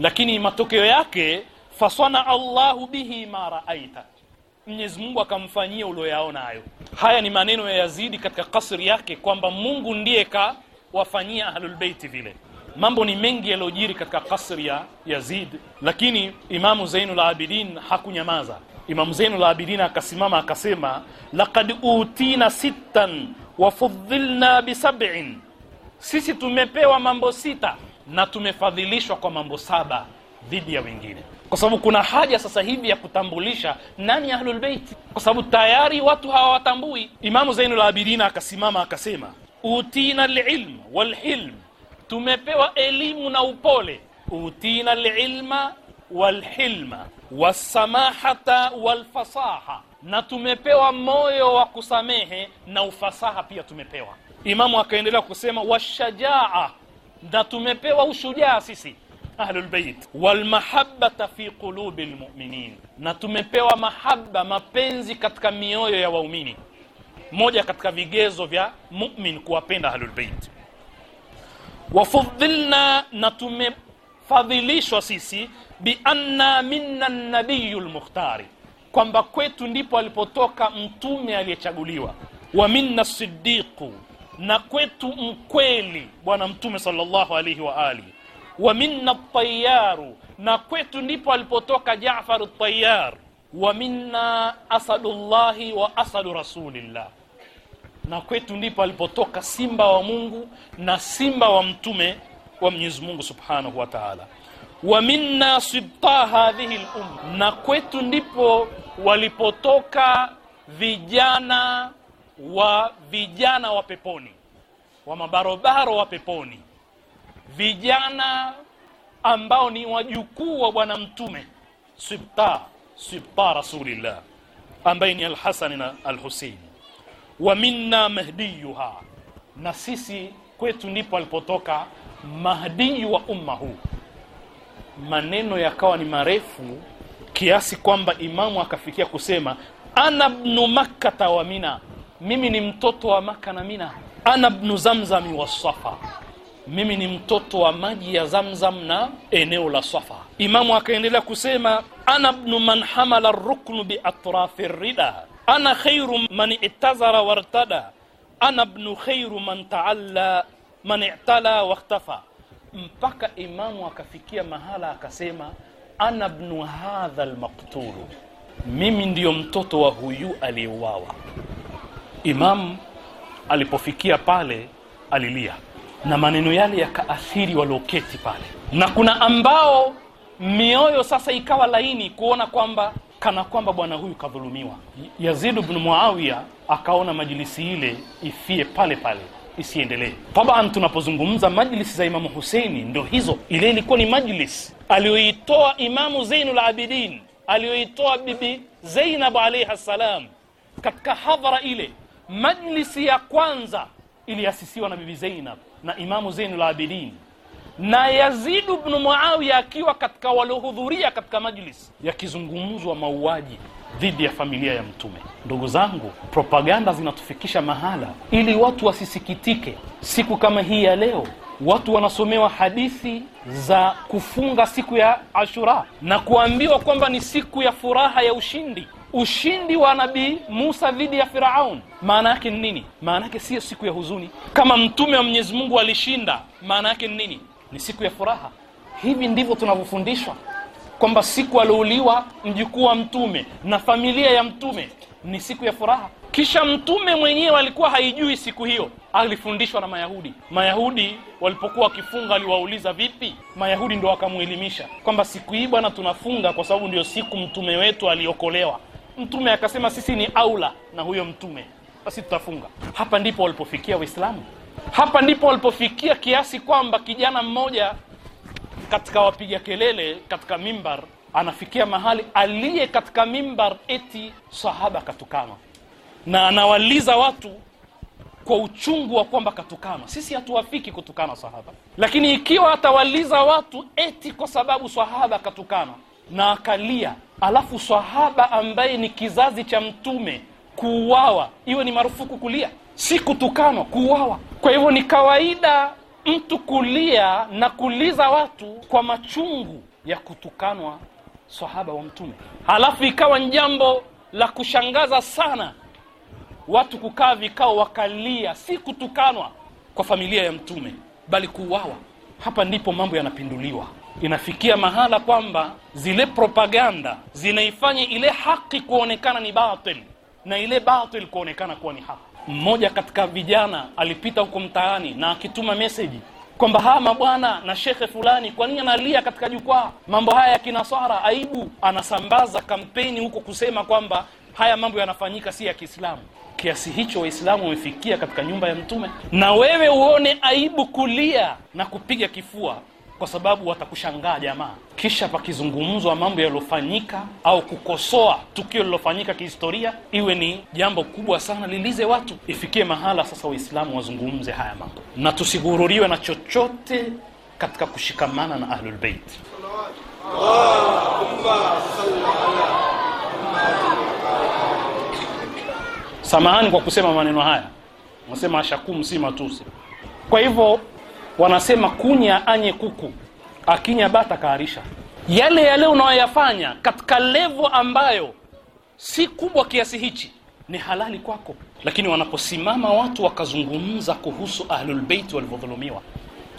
lakini matokeo yake fasanaa Allahu bihi ma raaita Mwenyezi Mungu akamfanyia ulioyaona hayo. Haya ni maneno ya Yazidi katika kasri yake kwamba Mungu ndiye kawafanyia ahlulbeiti vile. Mambo ni mengi yaliyojiri katika kasri ya Yazid, lakini Imamu Zainul Abidin hakunyamaza. Imamu Zainul Abidin akasimama akasema, laqad utina sittan wafuddhilna bisab'in, sisi tumepewa mambo sita na tumefadhilishwa kwa mambo saba dhidi ya wengine kwa sababu kuna haja sasa hivi ya kutambulisha nani ahlul bait, kwa sababu tayari watu hawawatambui. Imamu Zainul Abidin akasimama akasema, utina lilm walhilm, tumepewa elimu na upole. Utina lilma walhilma wasamahata walfasaha, na tumepewa moyo wa kusamehe na ufasaha pia tumepewa. Imamu akaendelea kusema washajaa, na tumepewa ushujaa sisi ahlulbeit walmahabata fi qulubi lmuminin na tumepewa mahaba mapenzi katika mioyo ya waumini. Moja katika vigezo vya mu'min kuwapenda ahlulbeit Wafudhilna, na tumefadhilishwa sisi bianna minna nabiyu lmukhtari kwamba kwetu ndipo alipotoka mtume aliyechaguliwa wa minna sidiqu, na kwetu mkweli bwana mtume sallallahu alaihi wa alihi wa minna tayaru, na kwetu ndipo alipotoka Jaafar Tayar. Wa minna llahi wa asadu rasulillah, na kwetu ndipo alipotoka simba wa Mungu na simba wa mtume wa Mwenyezi Mungu subhanahu wa taala. Wa minna sibta hadhihi lumma, na kwetu ndipo walipotoka vijana wa vijana wa peponi, wa mabarobaro wa peponi vijana ambao ni wajukuu wa bwana mtume sibta sibta rasulillah ambaye ni Alhasan na al wa minna mahdiyuha na sisi kwetu ndipo alipotoka mahdi wa umma huu maneno yakawa ni marefu kiasi kwamba imamu akafikia kusema ana bnu makkata wa mina mimi ni mtoto wa maka na mina ana bnu zamzami wa safa mimi ni mtoto wa maji ya Zamzam na eneo la Safa. Imamu akaendelea kusema ana bnu man hamala ruknu biatrafi rida ana khairu man itazara wartada ana bnu khairu man taala man itala wakhtafa, mpaka imamu akafikia mahala akasema ana bnu hadha lmaktulu mimi ndiyo mtoto wa huyu aliyeuawa. Imamu alipofikia pale alilia na maneno yale yakaathiri walioketi pale, na kuna ambao mioyo sasa ikawa laini kuona kwamba kana kwamba bwana huyu kadhulumiwa. Yazid bnu Muawiya akaona majilisi ile ifie pale pale isiendelee. Taban, tunapozungumza majlisi za Imamu Huseini ndo hizo. Ile ilikuwa ni majlisi aliyoitoa Imamu Zainul Abidin, aliyoitoa Bibi zeinab alaihi ssalam katika hadhara ile. Majlisi ya kwanza iliasisiwa na Bibi zeinab na Imamu Zainul Abidin na Yazid ibn Muawiya akiwa katika waliohudhuria katika majlis yakizungumzwa mauaji dhidi ya familia ya Mtume. Ndugu zangu, propaganda zinatufikisha mahala, ili watu wasisikitike. Siku kama hii ya leo, watu wanasomewa hadithi za kufunga siku ya Ashura na kuambiwa kwamba ni siku ya furaha ya ushindi ushindi wa nabii Musa dhidi ya Firaun maana yake ni nini? Maana yake sio siku ya huzuni. Kama mtume wa Mwenyezi Mungu alishinda, maana yake ni nini? Ni siku ya furaha. Hivi ndivyo tunavyofundishwa kwamba siku aliouliwa mjukuu wa mtume na familia ya mtume ni siku ya furaha. Kisha mtume mwenyewe alikuwa haijui siku hiyo, alifundishwa na Mayahudi. Mayahudi walipokuwa wakifunga aliwauliza vipi, Mayahudi ndo wakamwelimisha kwamba siku hii bwana tunafunga kwa sababu ndio siku mtume wetu aliokolewa mtume akasema sisi ni aula na huyo mtume basi tutafunga hapa ndipo walipofikia waislamu hapa ndipo walipofikia kiasi kwamba kijana mmoja katika wapiga kelele katika mimbar anafikia mahali aliye katika mimbar eti sahaba katukana na anawaliza watu kwa uchungu wa kwamba katukana sisi hatuwafiki kutukana sahaba lakini ikiwa atawaliza watu eti kwa sababu sahaba katukana na akalia, alafu sahaba ambaye ni kizazi cha mtume kuuawa, iwe ni marufuku kulia, si kutukanwa, kuuawa. Kwa hivyo ni kawaida mtu kulia na kuliza watu kwa machungu ya kutukanwa sahaba wa mtume. alafu ikawa ni jambo la kushangaza sana watu kukaa vikao wakalia, si kutukanwa kwa familia ya mtume, bali kuuawa. Hapa ndipo mambo yanapinduliwa inafikia mahala kwamba zile propaganda zinaifanya ile haki kuonekana ni batil na ile batil kuonekana kuwa ni haki. Mmoja katika vijana alipita huko mtaani na akituma meseji kwamba haya mabwana na shekhe fulani, kwa nini analia katika jukwaa mambo haya ya kinaswara? Aibu. Anasambaza kampeni huko kusema kwamba haya mambo yanafanyika si ya Kiislamu. Kiasi hicho Waislamu wamefikia katika nyumba ya Mtume, na wewe uone aibu kulia na kupiga kifua kwa sababu watakushangaa jamaa. Kisha pakizungumzwa mambo yaliyofanyika au kukosoa tukio lililofanyika kihistoria, iwe ni jambo kubwa sana, lilize watu, ifikie mahala sasa Waislamu wazungumze haya mambo, na tusighururiwe na chochote katika kushikamana na Ahlulbeit. Samahani kwa kusema maneno haya, nasema ashakum si matusi. Kwa hivyo wanasema kunya anye kuku akinya bata kaarisha yale yale unayoyafanya katika levo ambayo si kubwa kiasi hichi ni halali kwako lakini wanaposimama watu wakazungumza kuhusu ahlulbeiti walivyodhulumiwa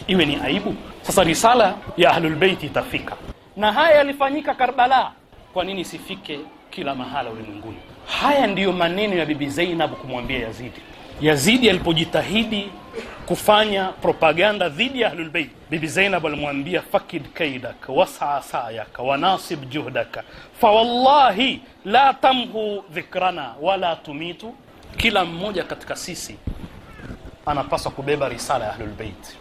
iwe ni aibu sasa risala ya ahlulbeiti itafika na haya yalifanyika karbala kwa nini sifike kila mahala ulimwenguni haya ndiyo maneno ya bibi zainab kumwambia yazidi yazidi alipojitahidi kufanya propaganda dhidi ya Ahlul Bayt. Bibi Zainab alimwambia fakid kaidaka wasaa sayaka wanasib juhdaka fawallahi la tamhu dhikrana wala tumitu. Kila mmoja katika sisi anapaswa kubeba risala ya Ahlul Bayt,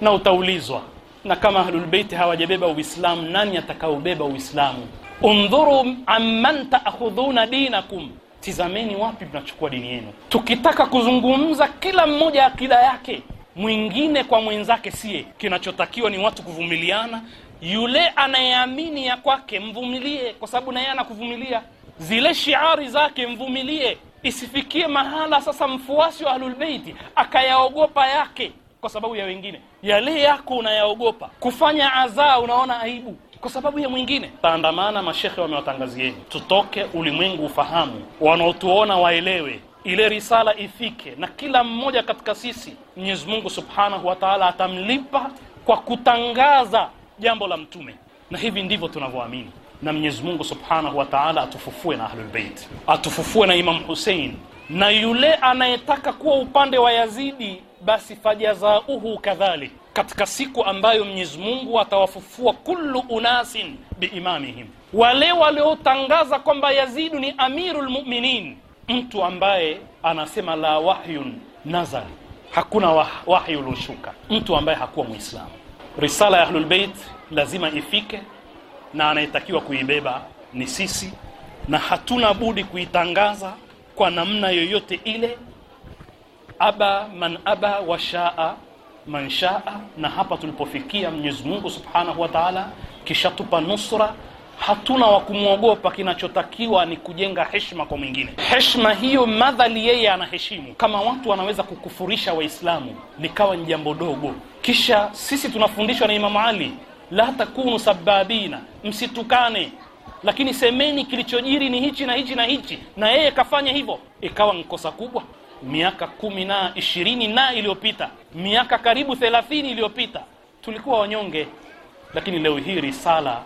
na utaulizwa na kama Ahlul Bayt hawajabeba Uislamu, nani atakaobeba Uislamu? Undhuru amman takhudhuna dinakum tizameni wapi mnachukua dini yenu. Tukitaka kuzungumza kila mmoja akida yake mwingine kwa mwenzake siye, kinachotakiwa ni watu kuvumiliana. Yule anayeamini ya kwake mvumilie, kwa sababu naye anakuvumilia. Zile shiari zake mvumilie, isifikie mahala sasa mfuasi wa Ahlulbeiti akayaogopa yake kwa sababu ya wengine. Yale yako unayaogopa kufanya adhaa, unaona aibu kwa sababu ya mwingine. Taandamana, mashekhe wamewatangazieni, tutoke ulimwengu ufahamu, wanaotuona waelewe ile risala ifike, na kila mmoja katika sisi Mwenyezi Mungu Subhanahu wa Ta'ala atamlipa kwa kutangaza jambo la Mtume, na hivi ndivyo tunavyoamini. Na Mwenyezi Mungu Subhanahu wa Ta'ala atufufue na Ahlulbeit, atufufue na Imam husein na yule anayetaka kuwa upande wa Yazidi, basi fajazauhu kadhalik katika siku ambayo Mwenyezi Mungu atawafufua kullu unasin biimamihim, wale waliotangaza kwamba Yazidu ni amirul mu'minin, mtu ambaye anasema la wahyun nazari, hakuna wah, wahyi ulioshuka, mtu ambaye hakuwa Muislamu. Risala ya Ahlul Bait lazima ifike, na anayetakiwa kuibeba ni sisi, na hatuna budi kuitangaza kwa namna yoyote ile, aba man aba washaa manshaa na hapa tulipofikia Mwenyezi Mungu Subhanahu wa Ta'ala kishatupa nusra hatuna wa kumwogopa. Kinachotakiwa ni kujenga heshima kwa mwingine. Heshima hiyo madhali yeye anaheshimu. Kama watu wanaweza kukufurisha Waislamu likawa ni jambo dogo, kisha sisi tunafundishwa na Imamu Ali, la takunu sababina, msitukane, lakini semeni kilichojiri ni hichi na hichi na hichi, na yeye kafanya hivyo, ikawa nkosa kubwa miaka kumi na ishirini na iliyopita, miaka karibu thelathini iliyopita tulikuwa wanyonge, lakini leo hii risala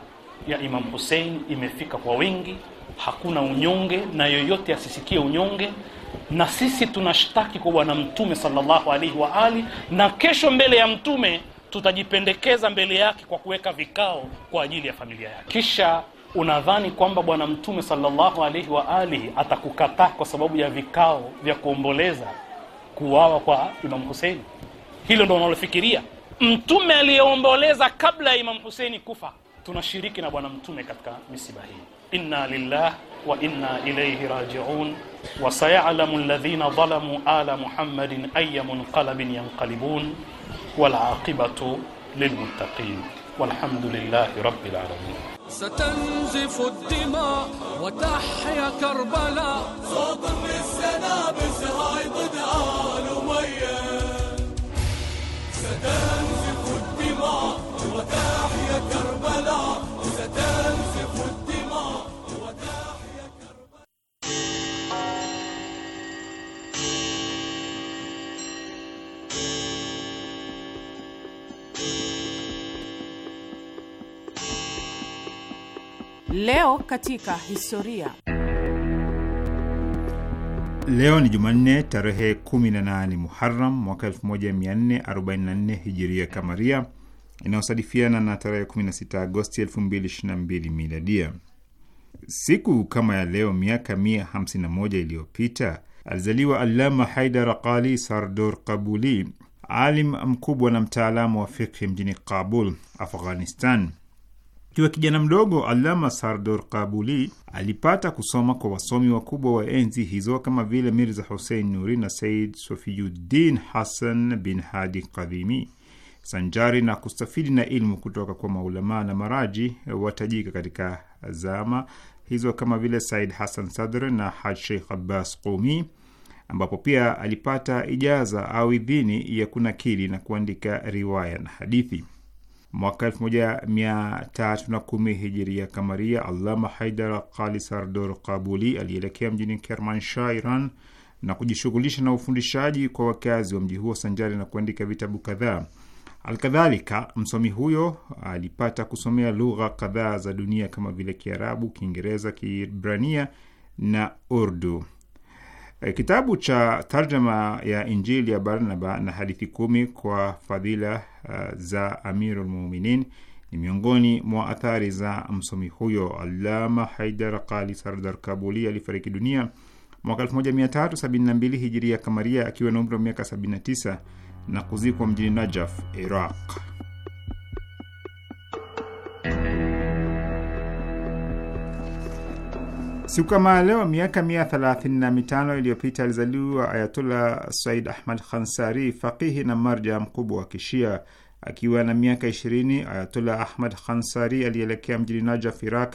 ya Imam Hussein imefika kwa wingi. Hakuna unyonge na yoyote asisikie unyonge, na sisi tunashtaki kwa Bwana Mtume sallallahu alaihi wa ali, na kesho mbele ya Mtume tutajipendekeza mbele yake kwa kuweka vikao kwa ajili ya familia yake kisha unadhani kwamba Bwana Mtume sallallahu alaihi wa alihi atakukataa kwa sababu ya vikao vya kuomboleza kuuawa kwa Imam Huseini? Hilo ndo unalofikiria? Mtume aliyeomboleza kabla ya Imam Huseini kufa, tunashiriki na Bwana Mtume katika misiba hii. Inna lillah wa inna ilaihi rajiun wa sayalamu alladhina dhalamu ala muhammadin ayya munqalabin yanqalibun wal aqibatu lilmuttaqin. والحمد لله رب العالمين ستنزف الدماء وتحيا كربلاء صوت من السنابس هاي ضد آل أمية ستنزف الدماء وتحيا كربلاء Leo katika historia. Leo ni Jumanne tarehe 18 muharam mwaka 1444 hijiria kamaria, inayosadifiana na tarehe 16 Agosti 2022 miladia. Siku kama ya leo miaka 151 iliyopita alizaliwa Allama Haidar Qali Sardor Kabuli, alim mkubwa na mtaalamu wa fikhi mjini Kabul, Afghanistan. Akiwa kijana mdogo, alama Sardor Kabuli alipata kusoma kwa wasomi wakubwa wa enzi hizo kama vile Mirza husein Nuri na Said Sofiyuddin Hassan bin Hadi Kadhimi, sanjari na kustafidi na ilmu kutoka kwa maulamaa na maraji watajika katika zama hizo kama vile Said Hassan Sadr na Haj Sheikh Abbas Qumi, ambapo pia alipata ijaza au idhini ya kunakili na kuandika riwaya na hadithi mwaka kumi hijiria kamaria. Allama Haidar Qali Sardor Kabuli alielekea mjini Kermanshah, Iran na kujishughulisha na ufundishaji kwa wakazi wa mji huo sanjari na kuandika vitabu kadhaa. Alkadhalika, msomi huyo alipata kusomea lugha kadhaa za dunia kama vile Kiarabu, Kiingereza, Kiibrania na Urdu. Eh, kitabu cha tarjama ya Injili ya Barnaba na hadithi kumi kwa fadhila eh, za Amirul Muminin ni miongoni mwa athari za msomi huyo. Alama Haidar Kali Sardar Kabuli alifariki dunia mwaka 1372 hijiria kamaria akiwa na umri wa miaka 79 na kuzikwa mjini Najaf, Iraq. Siku kama leo miaka mia thelathini na mitano iliyopita alizaliwa Ayatullah Said Ahmad Khansari, faqihi na marja mkubwa wa Kishia. Akiwa na miaka ishirini, Ayatullah Ahmad Khansari alielekea mjini Najaf, Iraq,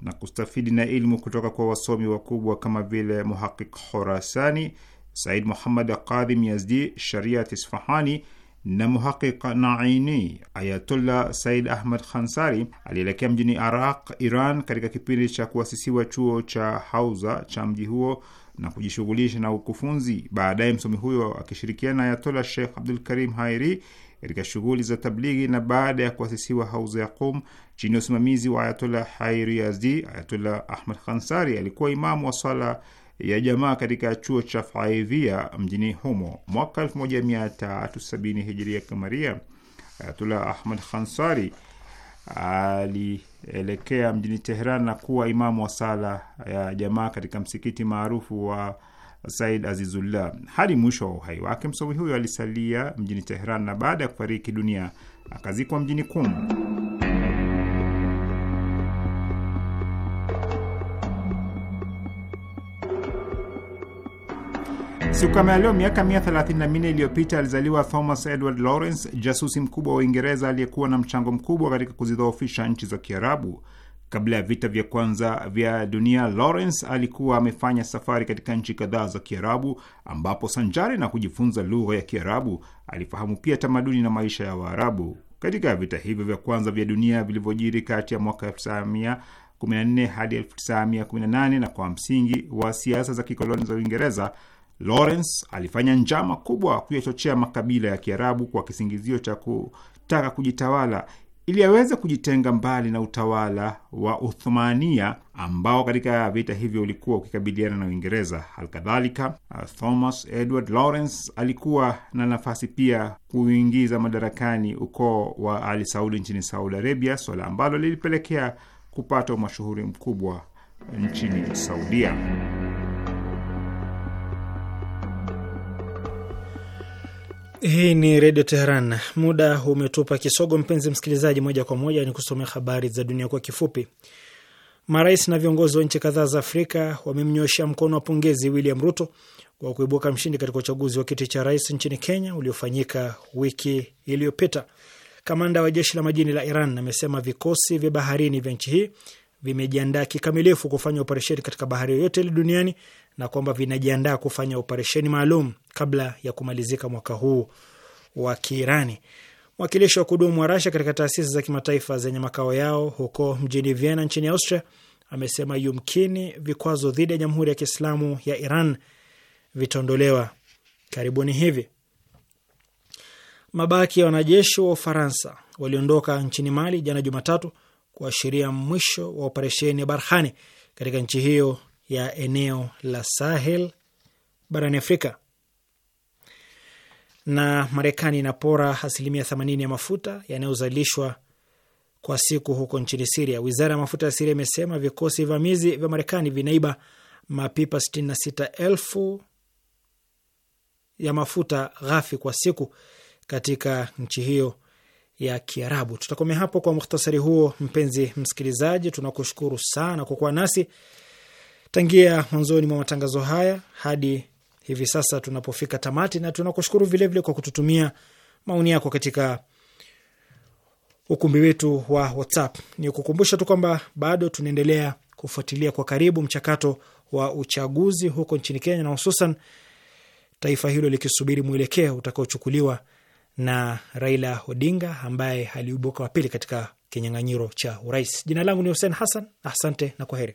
na kustafidi na ilmu kutoka kwa wasomi wakubwa kama vile Muhaqiq Khorasani, Said Muhammad Qadhim Yazdi, Shariat Isfahani na muhaqiq Naini, Ayatullah Said Ahmad Khansari alielekea mjini Araq, Iran, katika kipindi cha kuasisiwa chuo cha Hauza cha mji huo na kujishughulisha na ukufunzi. Baadaye msomi huyo akishirikiana na Ayatollah Sheikh Abdul Karim Hairi katika shughuli za tablighi, na baada ya kuasisiwa Hauza ya Qum chini ya usimamizi wa Ayatollah Hairi Yazdi, Ayatullah Ahmad Khansari alikuwa imamu wa swala ya jamaa katika chuo cha Faivia mjini humo mwaka 1370 hijiria kamaria. Ayatullah Ahmad Khansari alielekea mjini Teheran na kuwa imamu wa sala ya jamaa katika msikiti maarufu wa Said Azizullah hadi mwisho wa uhai wake. Msomi huyo alisalia mjini Teheran na baada ya kufariki dunia akazikwa mjini Kum. Siku kama ya leo miaka 134 iliyopita alizaliwa Thomas Edward Lawrence, jasusi mkubwa wa Uingereza aliyekuwa na mchango mkubwa katika kuzidhoofisha nchi za Kiarabu. Kabla ya vita vya kwanza vya dunia, Lawrence alikuwa amefanya safari katika nchi kadhaa za Kiarabu, ambapo sanjari na kujifunza lugha ya Kiarabu alifahamu pia tamaduni na maisha ya Waarabu. Katika vita hivyo vya kwanza vya dunia vilivyojiri kati ya mwaka 1914 hadi 1918 na kwa msingi wa siasa za kikoloni za Uingereza, Lawrence alifanya njama kubwa kuyachochea makabila ya Kiarabu kwa kisingizio cha kutaka kujitawala ili aweze kujitenga mbali na utawala wa Uthmania ambao katika vita hivyo ulikuwa ukikabiliana na Uingereza. Alkadhalika, Thomas Edward Lawrence alikuwa na nafasi pia kuingiza madarakani ukoo wa Ali Saudi nchini Saudi Arabia, swala ambalo lilipelekea kupata mashuhuri mkubwa nchini Saudia. Hii ni Redio Teheran. Muda umetupa kisogo, mpenzi msikilizaji, moja kwa moja ni kusomea habari za dunia kwa kifupi. Marais na viongozi wa nchi kadhaa za Afrika wamemnyoshea mkono wa pongezi William Ruto kwa kuibuka mshindi katika uchaguzi wa kiti cha rais nchini Kenya uliofanyika wiki iliyopita. Kamanda wa jeshi la majini la Iran amesema vikosi vya baharini vya nchi hii vimejiandaa kikamilifu kufanya operesheni katika bahari yoyote ile duniani na kwamba vinajiandaa kufanya operesheni maalum kabla ya kumalizika mwaka huu wa Kiirani. Mwakilishi wa kudumu wa Rasha katika taasisi za kimataifa zenye makao yao huko mjini Vienna nchini Austria amesema yumkini vikwazo dhidi ya Jamhuri ya Kiislamu ya Iran vitaondolewa karibuni hivi. Mabaki ya wanajeshi wa Ufaransa waliondoka nchini Mali jana Jumatatu, kuashiria mwisho wa operesheni ya Barkhane katika nchi hiyo ya eneo la Sahel barani Afrika. Na Marekani inapora asilimia 80 ya mafuta yanayozalishwa kwa siku huko nchini Siria. Wizara ya mafuta ya Siria imesema vikosi vamizi vya Marekani vinaiba mapipa 66,000 ya mafuta ghafi kwa siku katika nchi hiyo ya Kiarabu. Tutakomea hapo kwa muhtasari huo. Mpenzi msikilizaji, tunakushukuru sana kwa kuwa nasi tangia mwanzoni mwa matangazo haya hadi hivi sasa tunapofika tamati, na tunakushukuru vilevile kwa kututumia maoni yako katika ukumbi wetu wa WhatsApp. Ni kukumbusha tu kwamba bado tunaendelea kufuatilia kwa karibu mchakato wa uchaguzi huko nchini Kenya, na hususan taifa hilo likisubiri mwelekeo utakaochukuliwa na Raila Odinga ambaye aliibuka wa pili katika kinyang'anyiro cha urais. Jina langu ni Hussein Hassan, asante na heri.